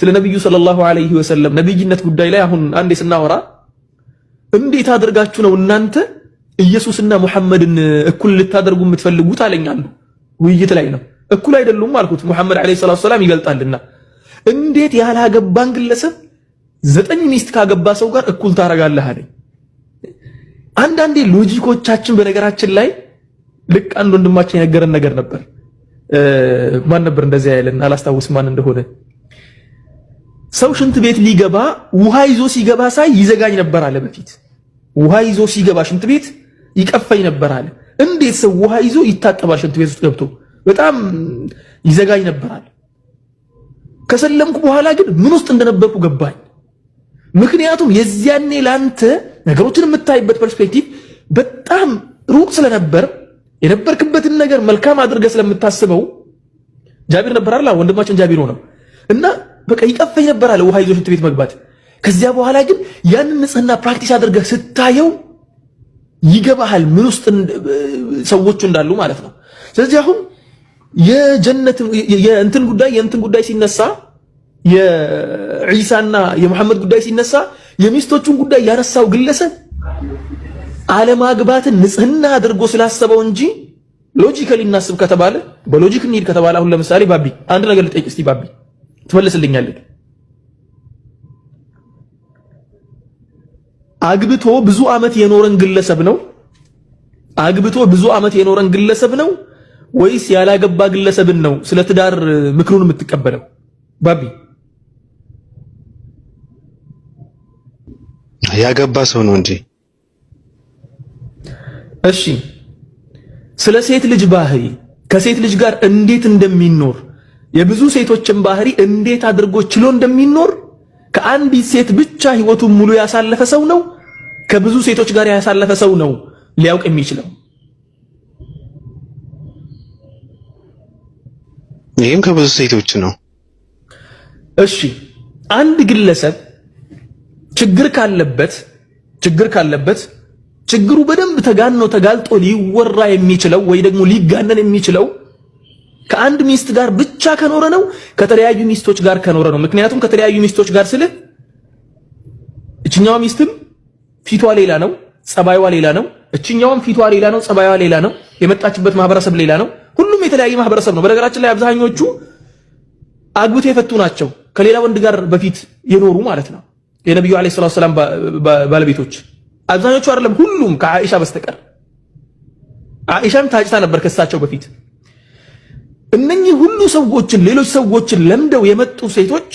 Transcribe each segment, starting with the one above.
ስለ ነቢዩ ሰለላሁ ዐለይሂ ወሰለም ነቢይነት ጉዳይ ላይ አሁን አንዴ ስናወራ እንዴት አድርጋችሁ ነው እናንተ ኢየሱስና ሙሐመድን እኩል ልታደርጉ የምትፈልጉት አለኛሉ። ውይይት ላይ ነው። እኩል አይደሉም አልኩት። ሙሐመድ ዐለይሂ ሰላቱ ሰላም ይበልጣልና እንዴት ያላገባን ግለሰብ ዘጠኝ ሚስት ካገባ ሰው ጋር እኩል ታረጋለህ አለኝ። አንዳንዴ ሎጂኮቻችን በነገራችን ላይ ልክ አንድ ወንድማችን የነገረን ነገር ነበር። ማን ነበር እንደዚያ ያለን? አላስታውስ ማን እንደሆነ ሰው ሽንት ቤት ሊገባ ውሃ ይዞ ሲገባ ሳይ ይዘጋኝ ነበር አለ። በፊት ውሃ ይዞ ሲገባ ሽንት ቤት ይቀፈኝ ነበር አለ። እንዴት ሰው ውሃ ይዞ ይታጠባል? ሽንት ቤት ውስጥ ገብቶ በጣም ይዘጋኝ ነበር አለ። ከሰለምኩ በኋላ ግን ምን ውስጥ እንደነበርኩ ገባኝ። ምክንያቱም የዚያኔ ላንተ ነገሮችን የምታይበት ፐርስፔክቲቭ በጣም ሩቅ ስለነበር የነበርክበትን ነገር መልካም አድርገ ስለምታስበው ጃቢር ነበር አላ ወንድማችን ጃቢር ነው እና በቃ ይቀፈኝ ነበር አለ ውሃ ይዞ ሽንት ቤት መግባት። ከዚያ በኋላ ግን ያንን ንጽህና ፕራክቲስ አድርገህ ስታየው ይገባሃል ምን ውስጥ ሰዎቹ እንዳሉ ማለት ነው። ስለዚህ አሁን የጀነት የእንትን ጉዳይ የእንትን ጉዳይ ሲነሳ የዒሳና የመሐመድ ጉዳይ ሲነሳ የሚስቶቹን ጉዳይ ያነሳው ግለሰብ አለማግባትን ንጽህና አድርጎ ስላሰበው እንጂ ሎጂካሊ እናስብ ከተባለ በሎጂክ እንሂድ ከተባለ አሁን ለምሳሌ ባቢ አንድ ነገር ልጠይቅ እስቲ ባቢ ትመልስልኛለህ። አግብቶ ብዙ ዓመት የኖረን ግለሰብ ነው አግብቶ ብዙ ዓመት የኖረን ግለሰብ ነው ወይስ ያላገባ ግለሰብን ነው ስለ ትዳር ምክሩን የምትቀበለው? ባቢ ያገባ ሰው ነው እንጂ። እሺ ስለ ሴት ልጅ ባህሪ ከሴት ልጅ ጋር እንዴት እንደሚኖር የብዙ ሴቶችን ባህሪ እንዴት አድርጎ ችሎ እንደሚኖር ከአንዲት ሴት ብቻ ህይወቱን ሙሉ ያሳለፈ ሰው ነው ከብዙ ሴቶች ጋር ያሳለፈ ሰው ነው ሊያውቅ የሚችለው። ይህም ከብዙ ሴቶች ነው። እሺ አንድ ግለሰብ ችግር ካለበት ችግር ካለበት ችግሩ በደንብ ተጋኖ ተጋልጦ ሊወራ የሚችለው ወይ ደግሞ ሊጋነን የሚችለው ከአንድ ሚስት ጋር ብቻ ከኖረ ነው ከተለያዩ ሚስቶች ጋር ከኖረ ነው። ምክንያቱም ከተለያዩ ሚስቶች ጋር ስለ እችኛዋ ሚስትም ፊቷ ሌላ ነው፣ ጸባይዋ ሌላ ነው። እችኛዋም ፊቷ ሌላ ነው፣ ጸባይዋ ሌላ ነው። የመጣችበት ማህበረሰብ ሌላ ነው። ሁሉም የተለያየ ማህበረሰብ ነው። በነገራችን ላይ አብዛኞቹ አግብተው የፈቱ ናቸው፣ ከሌላ ወንድ ጋር በፊት የኖሩ ማለት ነው። የነቢዩ አለይሂ ሰላቱ ሰላም ባለቤቶች አብዛኞቹ አይደለም፣ ሁሉም ከአኢሻ በስተቀር። አኢሻም ታጭታ ነበር ከሳቸው በፊት እነኚህ ሁሉ ሰዎችን ሌሎች ሰዎችን ለምደው የመጡ ሴቶች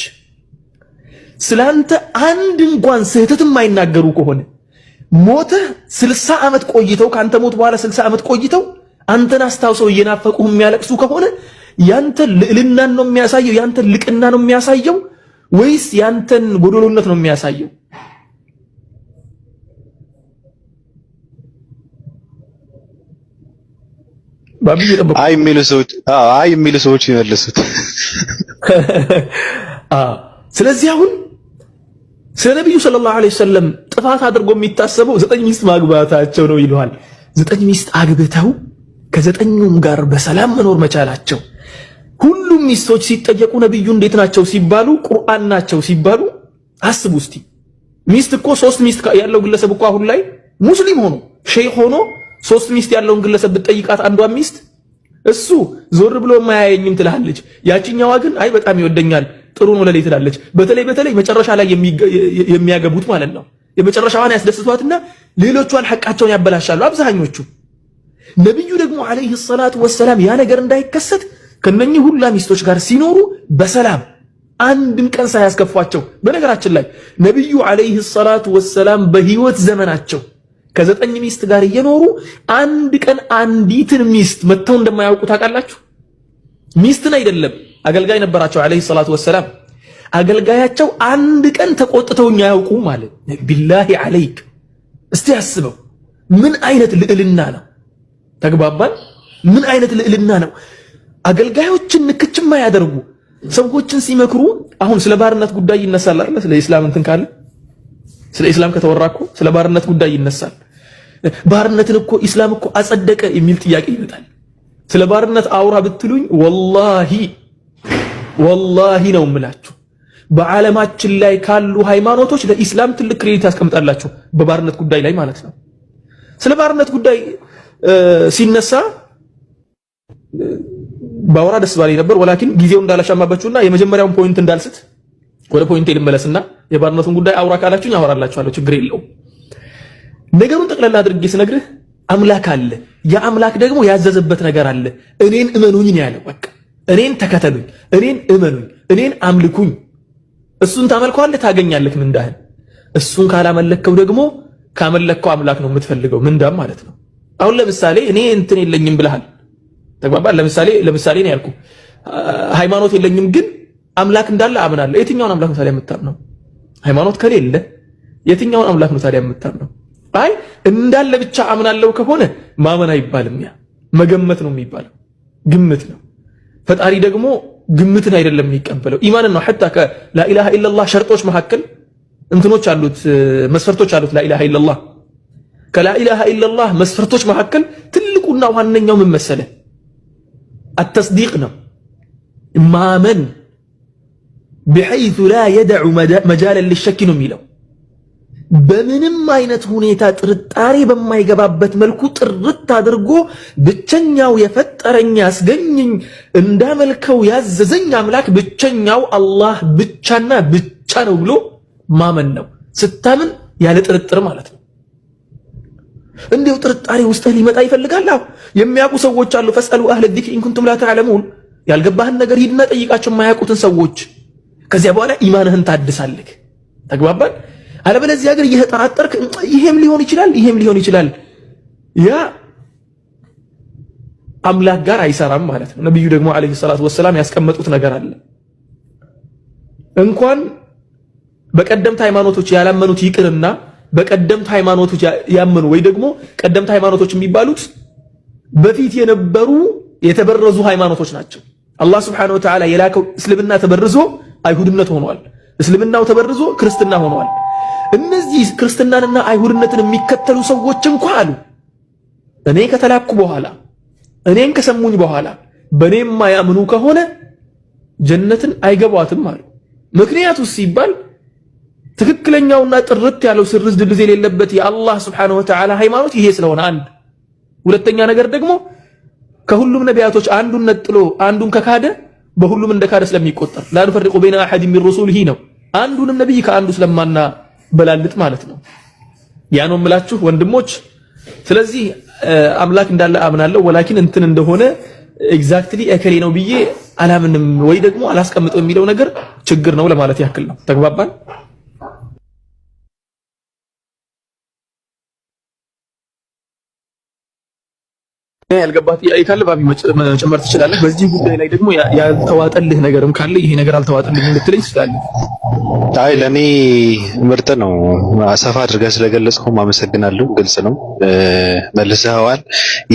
ስላንተ አንድ እንኳን ስህተት የማይናገሩ ከሆነ ሞተህ ስልሳ ዓመት ቆይተው ከአንተ ሞት በኋላ ስልሳ ዓመት ቆይተው አንተን አስታውሰው እየናፈቁ የሚያለቅሱ ከሆነ ያንተ ልዕልናን ነው የሚያሳየው? ያንተ ልቅና ነው የሚያሳየው? ወይስ ያንተን ጎዶሎነት ነው የሚያሳየው? አይ የሚሉ ሰዎች አይ የሚሉ ሰዎች ይመልሱት። ስለዚህ አሁን ስለ ነቢዩ ሰለላሁ ዐለይሂ ወሰለም ጥፋት አድርጎ የሚታሰበው ዘጠኝ ሚስት ማግባታቸው ነው ይለዋል። ዘጠኝ ሚስት አግብተው ከዘጠኙም ጋር በሰላም መኖር መቻላቸው። ሁሉም ሚስቶች ሲጠየቁ ነቢዩ እንዴት ናቸው ሲባሉ ቁርአን ናቸው ሲባሉ አስቡ እስቲ። ሚስት እኮ ሶስት ሚስት ያለው ግለሰብ እኮ አሁን ላይ ሙስሊም ሆኖ ሼህ ሆኖ ሶስት ሚስት ያለውን ግለሰብ ብትጠይቃት አንዷን ሚስት እሱ ዞር ብሎ ማያየኝም ትላለች። ያቺኛዋ ግን አይ በጣም ይወደኛል ጥሩ ነው ለሌ ትላለች። በተለይ በተለይ መጨረሻ ላይ የሚያገቡት ማለት ነው። የመጨረሻዋን ያስደስቷትና ሌሎቿን ሐቃቸውን ያበላሻሉ አብዛኞቹ። ነቢዩ ደግሞ አለይሂ ሰላቱ ወሰላም ያ ነገር እንዳይከሰት ከነኚህ ሁላ ሚስቶች ጋር ሲኖሩ በሰላም አንድም ቀን ሳያስከፏቸው። በነገራችን ላይ ነቢዩ አለይሂ ሰላቱ ወሰላም በህይወት ዘመናቸው ከዘጠኝ ሚስት ጋር እየኖሩ አንድ ቀን አንዲትን ሚስት መተው እንደማያውቁ ታውቃላችሁ። ሚስትን አይደለም አገልጋይ ነበራቸው አለይሂ ሰላቱ ወሰላም። አገልጋያቸው አንድ ቀን ተቆጥተውኝ አያውቁም ማለት ቢላሂ አለይክ። እስቲ አስበው፣ ምን አይነት ልዕልና ነው? ተግባባን? ምን አይነት ልዕልና ነው? አገልጋዮችን ንክችማ ማያደርጉ ሰዎችን ሲመክሩ። አሁን ስለ ባርነት ጉዳይ ይነሳል አይደል? ስለ ኢስላም እንትን ካለ ስለ ኢስላም ከተወራኩ ስለ ባርነት ጉዳይ ይነሳል። ባርነትን እኮ ኢስላም እኮ አጸደቀ የሚል ጥያቄ ይመጣል። ስለ ባርነት አውራ ብትሉኝ ወላሂ ወላሂ ነው የምላችሁ በዓለማችን ላይ ካሉ ሃይማኖቶች ለኢስላም ትልቅ ክሬዲት ያስቀምጣላችሁ በባርነት ጉዳይ ላይ ማለት ነው። ስለ ባርነት ጉዳይ ሲነሳ በአውራ ደስ ባለኝ ነበር። ወላኪን ጊዜው እንዳላሻማባችሁና የመጀመሪያውን ፖይንት እንዳልስት ወደ ፖይንቴ ልመለስና የባርነቱን ጉዳይ አውራ ካላችሁኝ አወራላችኋለሁ፣ ችግር የለውም። ነገሩን ጠቅላላ አድርጌ ስነግርህ አምላክ አለ። ያ አምላክ ደግሞ ያዘዘበት ነገር አለ። እኔን እመኑኝ ነው ያለው። በቃ እኔን ተከተሉኝ፣ እኔን እመኑኝ፣ እኔን አምልኩኝ። እሱን ታመልከዋለህ፣ ታገኛለህ ምንዳህን። እሱን ካላመለከው ደግሞ ካመለከው አምላክ ነው የምትፈልገው ምንዳም ማለት ነው። አሁን ለምሳሌ እኔ እንትን የለኝም ብለሃል፣ ተግባባን። ለምሳሌ ለምሳሌ ነው ያልኩ፣ ሃይማኖት የለኝም ግን አምላክ እንዳለ አምናለሁ። የትኛውን አምላክ ነው ታዲያ የምታምነው? ሃይማኖት ከሌለ የትኛውን አምላክ ነው ታዲያ የምታምነው? አይ እንዳለ ብቻ አምናለው ከሆነ ማመን አይባልም። ያ መገመት ነው የሚባለው፣ ግምት ነው። ፈጣሪ ደግሞ ግምትን አይደለም የሚቀበለው ኢማንን ነው። ሐታ ከላኢላሃ ኢለላህ ሸርጦች መካከል እንትኖች አሉት፣ መስፈርቶች አሉት። ላኢላሃ ኢለላህ ከላኢላሃ ኢለላህ መስፈርቶች መካከል ትልቁና ዋነኛው ምን መሰለህ? አተስዲቅ ነው ማመን ቢሐይቱ ላ የደዑ መጃለን ሊሸኪ ነው የሚለው በምንም አይነት ሁኔታ ጥርጣሬ በማይገባበት መልኩ ጥርት አድርጎ ብቸኛው የፈጠረኝ ያስገኘኝ እንዳመልከው ያዘዘኝ አምላክ ብቸኛው አላህ ብቻና ብቻ ነው ብሎ ማመን ነው። ስታምን ያለ ጥርጥር ማለት ነው። እንዲሁ ጥርጣሬ ውስጥህ ሊመጣ ይፈልጋል። የሚያውቁ ሰዎች አሉ። ፈሰሉ አህለ ዚክር ኢን ላ ተዕለሙን። ያልገባህን ነገር ሂድና ጠይቃቸው የማያውቁትን ሰዎች። ከዚያ በኋላ ኢማንህን ታድሳለህ። ተግባባን። አለበለዚያ ግን እየተጠራጠርክ ይሄም ሊሆን ይችላል ይሄም ሊሆን ይችላል። ያ አምላክ ጋር አይሰራም ማለት ነው። ነብዩ ደግሞ አለይሂ ሰላቱ ወሰላም ያስቀመጡት ነገር አለ። እንኳን በቀደምት ሃይማኖቶች ያላመኑት ይቅርና በቀደምት ሃይማኖቶች ያመኑ ወይ ደግሞ ቀደምት ሃይማኖቶች የሚባሉት በፊት የነበሩ የተበረዙ ሃይማኖቶች ናቸው። አላህ ስብሐነሁ ወተዓላ የላከው እስልምና ተበርዞ አይሁድነት ሆኗል። እስልምናው ተበርዞ ክርስትና ሆኗል። እነዚህ ክርስትናንና አይሁድነትን የሚከተሉ ሰዎች እንኳ አሉ እኔ ከተላኩ በኋላ እኔን ከሰሙኝ በኋላ በእኔ የማያምኑ ከሆነ ጀነትን አይገቧትም አሉ። ምክንያቱ ሲባል ትክክለኛውና ጥርት ያለው ስርዝ ድልዝ የሌለበት የአላህ ስብሐነሁ ወተዓላ ሃይማኖት ይሄ ስለሆነ አንድ ሁለተኛ ነገር ደግሞ ከሁሉም ነቢያቶች አንዱን ነጥሎ አንዱን ከካደ በሁሉም እንደካደ ስለሚቆጠር ላ ኑፈርቁ በይነ አሐድ ሚን ሩሱሊሂ ነው። አንዱንም ነቢይ ከአንዱ ስለማና በላልጥ ማለት ነው። ያ ነው የምላችሁ ወንድሞች። ስለዚህ አምላክ እንዳለ አምናለሁ። ወላኪን እንትን እንደሆነ ኤግዛክትሊ እከሌ ነው ብዬ አላምንም ወይ ደግሞ አላስቀምጠው የሚለው ነገር ችግር ነው ለማለት ያክል ነው። ተግባባን። ያልገባህ ጥያቄ ካለ ባቢ መጨመር ትችላለህ። በዚህ ጉዳይ ላይ ደግሞ ያልተዋጠልህ ነገርም ካለ ይሄ ነገር አልተዋጠልህም ልትለኝ ትችላለህ። አይ ለእኔ ምርጥ ነው። ሰፋ አድርገህ ስለገለጽከው አመሰግናለሁ። ግልጽ ነው፣ መልሰዋል።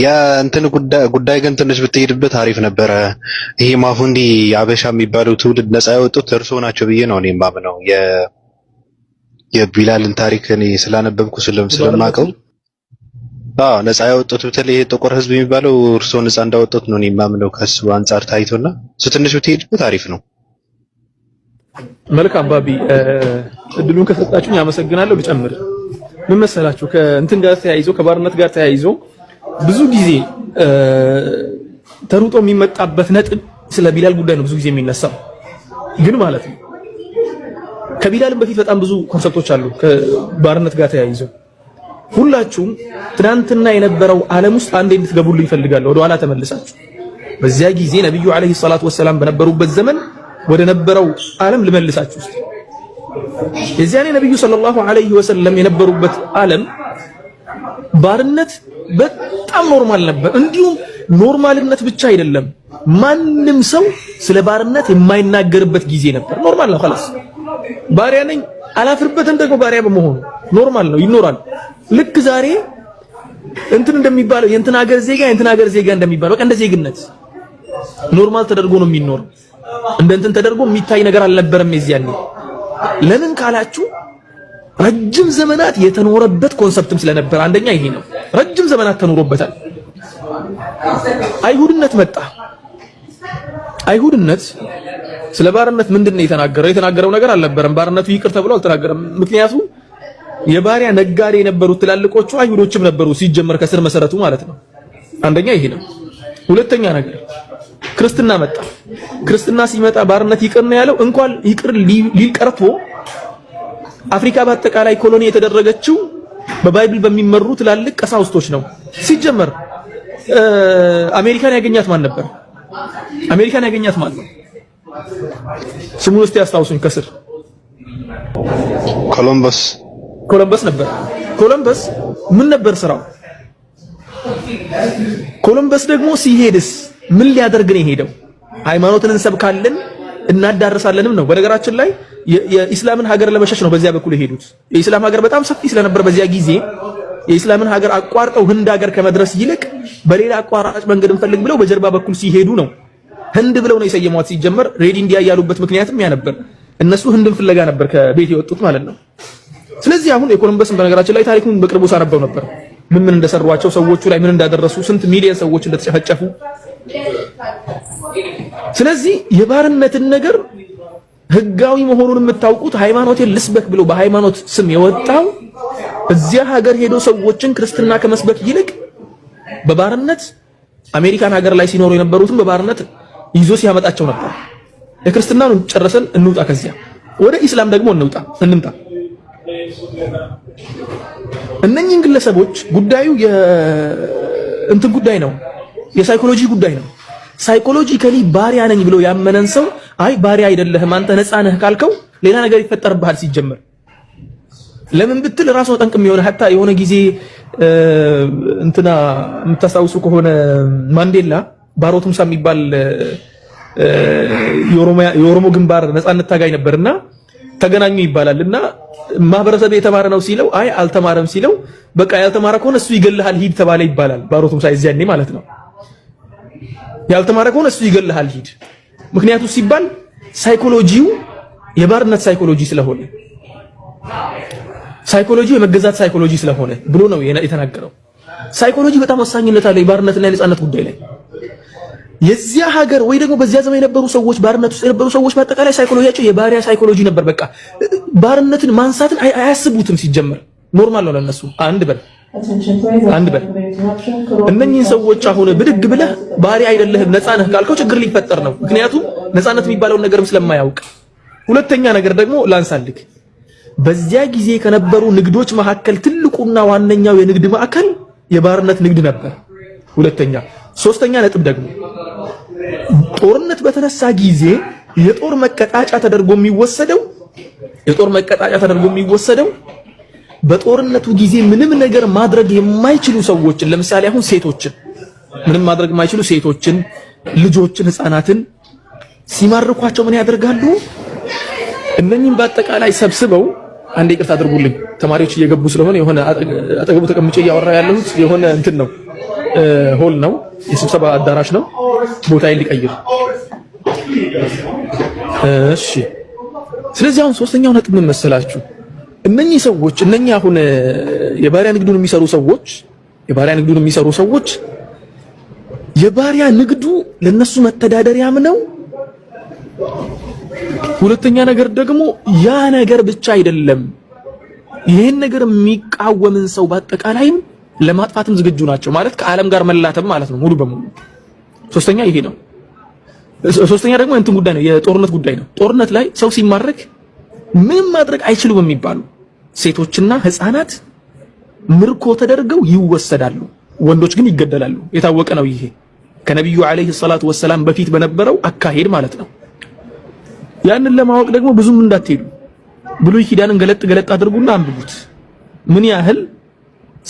ያ እንትን ጉዳይ ግን ትንሽ ብትሄድበት አሪፍ ነበረ። ይሄ ማፉንዲ አበሻ የሚባለው ትውልድ ነፃ ያወጡት እርሶ ናቸው ብዬ ነው እኔ የማምነው። የቢላልን ታሪክ እኔ ስላነበብኩ ስለማውቀው አዎ ያወጡት ያወጡትን ይሄ ጥቁር ህዝብ የሚባለው እርስዎ ነፃ እንዳወጡት ነው የማምነው። ከሱ አንጻር ታይቶና እሱ ትንሽ ብትሄድበት አሪፍ ነው። መልካም ባቢ፣ እድሉን ከሰጣችሁኝ አመሰግናለሁ። ልጨምር ምን መሰላችሁ፣ ከእንትን ጋር ተያይዞ ከባርነት ጋር ተያይዞ ብዙ ጊዜ ተሩጦ የሚመጣበት ነጥብ ስለ ቢላል ጉዳይ ነው ብዙ ጊዜ የሚነሳው ግን ማለት ነው ከቢላልም በፊት በጣም ብዙ ኮንሰፕቶች አሉ ከባርነት ጋር ተያይዘው ሁላችሁም ትናንትና የነበረው ዓለም ውስጥ አንዴ እንድትገቡልኝ ወደ ወደኋላ ተመልሳችሁ በዚያ ጊዜ ነብዩ አለይሂ ሰላቱ ወሰላም በነበሩበት ዘመን ወደ ነበረው ዓለም ልመልሳችሁ ውስጥ የዚያኔ ነብዩ ሰለላሁ ዐለይሂ ወሰለም የነበሩበት ዓለም ባርነት በጣም ኖርማል ነበር። እንዲሁም ኖርማልነት ብቻ አይደለም፣ ማንም ሰው ስለ ባርነት የማይናገርበት ጊዜ ነበር። ኖርማል ነው። خلاص ባሪያ ነኝ አላፍርበትም ደግሞ ባሪያ በመሆኑ ኖርማል ነው፣ ይኖራል። ልክ ዛሬ እንትን እንደሚባለው የእንትን ሀገር ዜጋ የእንትን ሀገር ዜጋ እንደሚባለው በቃ እንደ ዜግነት ኖርማል ተደርጎ ነው የሚኖር። እንደ እንትን ተደርጎ የሚታይ ነገር አልነበረም የዚያኔ። ለምን ካላችሁ ረጅም ዘመናት የተኖረበት ኮንሰፕትም ስለነበረ አንደኛ ይሄ ነው። ረጅም ዘመናት ተኖሮበታል። አይሁድነት መጣ። አይሁድነት ስለ ባርነት ምንድን ነው የተናገረው? የተናገረው ነገር አልነበረም። ባርነቱ ይቅር ተብሎ አልተናገረም። ምክንያቱም የባሪያ ነጋዴ የነበሩት ትላልቆቹ አይሁዶችም ነበሩ፣ ሲጀመር ከስር መሰረቱ ማለት ነው። አንደኛ ይሄ ነው። ሁለተኛ ነገር ክርስትና መጣ። ክርስትና ሲመጣ ባርነት ይቅር ነው ያለው። እንኳን ይቅር ሊል ቀርቶ አፍሪካ በአጠቃላይ ኮሎኒ የተደረገችው በባይብል በሚመሩ ትላልቅ ቀሳውስቶች ነው። ሲጀመር አሜሪካን ያገኛት ማን ነበር? አሜሪካን ያገኛት ማን ነው? ስሙን እስቲ አስታውሱኝ። ከስር ኮሎምበስ ኮሎምበስ ነበር። ኮሎምበስ ምን ነበር ስራው? ኮሎምበስ ደግሞ ሲሄድስ ምን ሊያደርግ ነው የሄደው? ሃይማኖትን እንሰብካለን እናዳርሳለንም ነው። በነገራችን ላይ የኢስላምን ሀገር ለመሸሽ ነው በዚያ በኩል የሄዱት። የኢስላም ሀገር በጣም ሰፊ ስለነበር በዚያ ጊዜ የኢስላምን ሀገር አቋርጠው ህንድ ሀገር ከመድረስ ይልቅ በሌላ አቋራጭ መንገድ እንፈልግ ብለው በጀርባ በኩል ሲሄዱ ነው ህንድ ብለው ነው የሰየሟት። ሲጀመር ሬዲ ኢንዲያ ያሉበት ምክንያትም ያ ነበር። እነሱ ህንድን ፍለጋ ነበር ከቤት የወጡት ማለት ነው። ስለዚህ አሁን የኮሎምበስን በነገራችን ላይ ታሪኩን በቅርቡ ሳነበው ነበር ምን ምን እንደሰሯቸው ሰዎቹ ላይ ምን እንዳደረሱ ስንት ሚሊዮን ሰዎች እንደተጨፈጨፉ። ስለዚህ የባርነትን ነገር ህጋዊ መሆኑን የምታውቁት ሃይማኖቴን ልስበክ ብሎ በሃይማኖት ስም የወጣው እዚያ ሀገር ሄዶ ሰዎችን ክርስትና ከመስበክ ይልቅ በባርነት አሜሪካን ሀገር ላይ ሲኖሩ የነበሩትን በባርነት ይዞ ሲያመጣቸው ነበር። የክርስትናን ጨረሰን እንውጣ፣ ከዚያ ወደ ኢስላም ደግሞ እንውጣ እንምጣ። እነኚህን ግለሰቦች ጉዳዩ የእንትን ጉዳይ ነው፣ የሳይኮሎጂ ጉዳይ ነው። ሳይኮሎጂካሊ ባሪያ ነኝ ብሎ ያመነን ሰው አይ ባሪያ አይደለህም አንተ ነፃ ነህ ካልከው ሌላ ነገር ይፈጠርብሃል። ሲጀመር ለምን ብትል ራስዎ ጠንቅ የሚሆነ ሀታ የሆነ ጊዜ እንትና የምታስታውሱ ከሆነ ማንዴላ ባሮ ቱምሳ የሚባል የኦሮሞ ግንባር ነፃነት ታጋይ ነበርና ተገናኙ ይባላል እና ማህበረሰብ የተማረ ነው ሲለው፣ አይ አልተማረም ሲለው፣ በቃ ያልተማረ ከሆነ እሱ ይገልሃል ሂድ ተባለ ይባላል። ባሮ ቱምሳ እዚያኔ ማለት ነው። ያልተማረ ከሆነ እሱ ይገልሃል ሂድ። ምክንያቱ ሲባል ሳይኮሎጂው የባርነት ሳይኮሎጂ ስለሆነ ሳይኮሎጂው የመገዛት ሳይኮሎጂ ስለሆነ ብሎ ነው የተናገረው። ሳይኮሎጂ በጣም ወሳኝነት አለው የባርነትና የነፃነት ጉዳይ ላይ የዚያ ሀገር ወይ ደግሞ በዚያ ዘመን የነበሩ ሰዎች ባርነት ውስጥ የነበሩ ሰዎች በአጠቃላይ ሳይኮሎጂያቸው የባሪያ ሳይኮሎጂ ነበር። በቃ ባርነትን ማንሳትን አያስቡትም። ሲጀመር ኖርማል ነው ለነሱ። አንድ በል አንድ በል እነኚህን ሰዎች አሁን ብድግ ብለህ ባሪያ አይደለህም ነፃ ነህ ካልከው ችግር ሊፈጠር ነው። ምክንያቱም ነፃነት የሚባለውን ነገርም ስለማያውቅ። ሁለተኛ ነገር ደግሞ ላንሳልክ፣ በዚያ ጊዜ ከነበሩ ንግዶች መካከል ትልቁና ዋነኛው የንግድ ማዕከል የባርነት ንግድ ነበር። ሁለተኛ ሶስተኛ ነጥብ ደግሞ ጦርነት በተነሳ ጊዜ የጦር መቀጣጫ ተደርጎ የሚወሰደው የጦር መቀጣጫ ተደርጎ የሚወሰደው በጦርነቱ ጊዜ ምንም ነገር ማድረግ የማይችሉ ሰዎችን ለምሳሌ አሁን ሴቶችን ምንም ማድረግ የማይችሉ ሴቶችን፣ ልጆችን፣ ህፃናትን ሲማርኳቸው ምን ያደርጋሉ? እነኚህም በአጠቃላይ ሰብስበው አንዴ ይቅርታ አድርጉልኝ ተማሪዎች እየገቡ ስለሆነ የሆነ አጠገቡ ተቀምጬ እያወራ ያለሁት የሆነ እንትን ነው። ሆል ነው፣ የስብሰባ አዳራሽ ነው። ቦታዬን ሊቀይር እሺ። ስለዚህ አሁን ሶስተኛው ነጥብ ምን መሰላችሁ? እነኚህ ሰዎች እነኚህ አሁን የባሪያ ንግዱን የሚሰሩ ሰዎች የባሪያ ንግዱን የሚሰሩ ሰዎች የባሪያ ንግዱ ለነሱ መተዳደሪያም ነው። ሁለተኛ ነገር ደግሞ ያ ነገር ብቻ አይደለም፣ ይህን ነገር የሚቃወምን ሰው በአጠቃላይም ለማጥፋትም ዝግጁ ናቸው ማለት ከዓለም ጋር መላተም ማለት ነው ሙሉ በሙሉ ሶስተኛ ይሄ ነው። ሶስተኛ ደግሞ እንትን ጉዳይ ነው የጦርነት ጉዳይ ነው። ጦርነት ላይ ሰው ሲማረክ ምንም ማድረግ አይችሉም የሚባሉ ሴቶችና ህፃናት ምርኮ ተደርገው ይወሰዳሉ። ወንዶች ግን ይገደላሉ። የታወቀ ነው ይሄ ከነቢዩ አለይሂ ሰላቱ ወሰላም በፊት በነበረው አካሄድ ማለት ነው። ያንን ለማወቅ ደግሞ ብዙም እንዳትሄዱ ብሉይ ኪዳንን ገለጥ ገለጥ አድርጉና አንብቡት ምን ያህል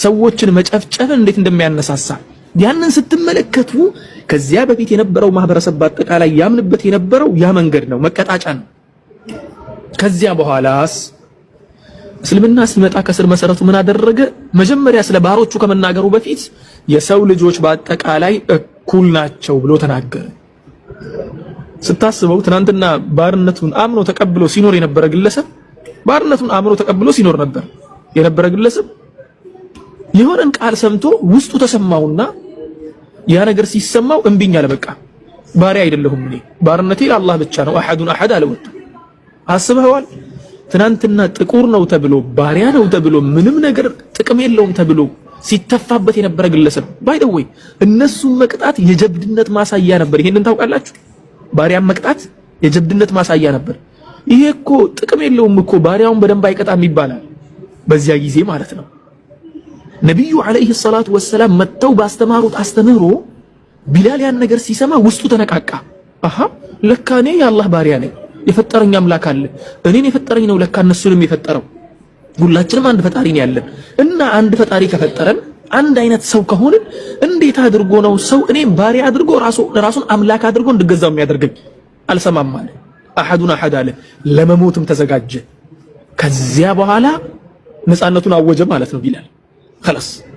ሰዎችን መጨፍጨፍን እንዴት እንደሚያነሳሳ ያንን ስትመለከቱ ከዚያ በፊት የነበረው ማህበረሰብ በአጠቃላይ ያምንበት የነበረው ያ መንገድ ነው፣ መቀጣጫ ነው። ከዚያ በኋላስ እስልምና ሲመጣ ከስር መሰረቱ ምን አደረገ? መጀመሪያ ስለ ባሮቹ ከመናገሩ በፊት የሰው ልጆች በአጠቃላይ እኩል ናቸው ብሎ ተናገረ። ስታስበው ትናንትና ባርነቱን አምኖ ተቀብሎ ሲኖር የነበረ ግለሰብ ባርነቱን አምኖ ተቀብሎ ሲኖር ነበር የነበረ ግለሰብ የሆነን ቃል ሰምቶ ውስጡ ተሰማውና ያ ነገር ሲሰማው እምቢኝ አለ። በቃ ባሪያ አይደለሁም እኔ ባርነቴ ለአላህ ብቻ ነው። አሐዱን አሐድ አለወጡ አስበዋል። ትናንትና ጥቁር ነው ተብሎ ባሪያ ነው ተብሎ ምንም ነገር ጥቅም የለውም ተብሎ ሲተፋበት የነበረ ግለሰብ ወይ እነሱን መቅጣት የጀብድነት ማሳያ ነበር። ይሄንን ታውቃላችሁ። ባሪያን መቅጣት የጀብድነት ማሳያ ነበር። ይሄ እኮ ጥቅም የለውም እኮ ባሪያውን በደንብ አይቀጣም ይባላል በዚያ ጊዜ ማለት ነው። ነቢዩ ዓለይሂ ሰላቱ ወሰላም መጥተው ባስተማሩት አስተምህሮ ቢላል ያን ነገር ሲሰማ ውስጡ ተነቃቃ። አሃ ለካ እኔ የአላህ ባሪያ ነኝ፣ የፈጠረኝ አምላክ አለ፣ እኔን የፈጠረኝ ነው ለካ እነሱንም የፈጠረው። ሁላችንም አንድ ፈጣሪ ነው ያለን እና አንድ ፈጣሪ ከፈጠረን አንድ አይነት ሰው ከሆንን እንዴት አድርጎ ነው ሰው እኔም ባሪያ አድርጎ ራሱን አምላክ አድርጎ እንድገዛው የሚያደርገኝ? አልሰማም አለ። አሐዱን አሐድ አለ። ለመሞትም ተዘጋጀ። ከዚያ በኋላ ነፃነቱን አወጀ ማለት ነው ቢላል خلاص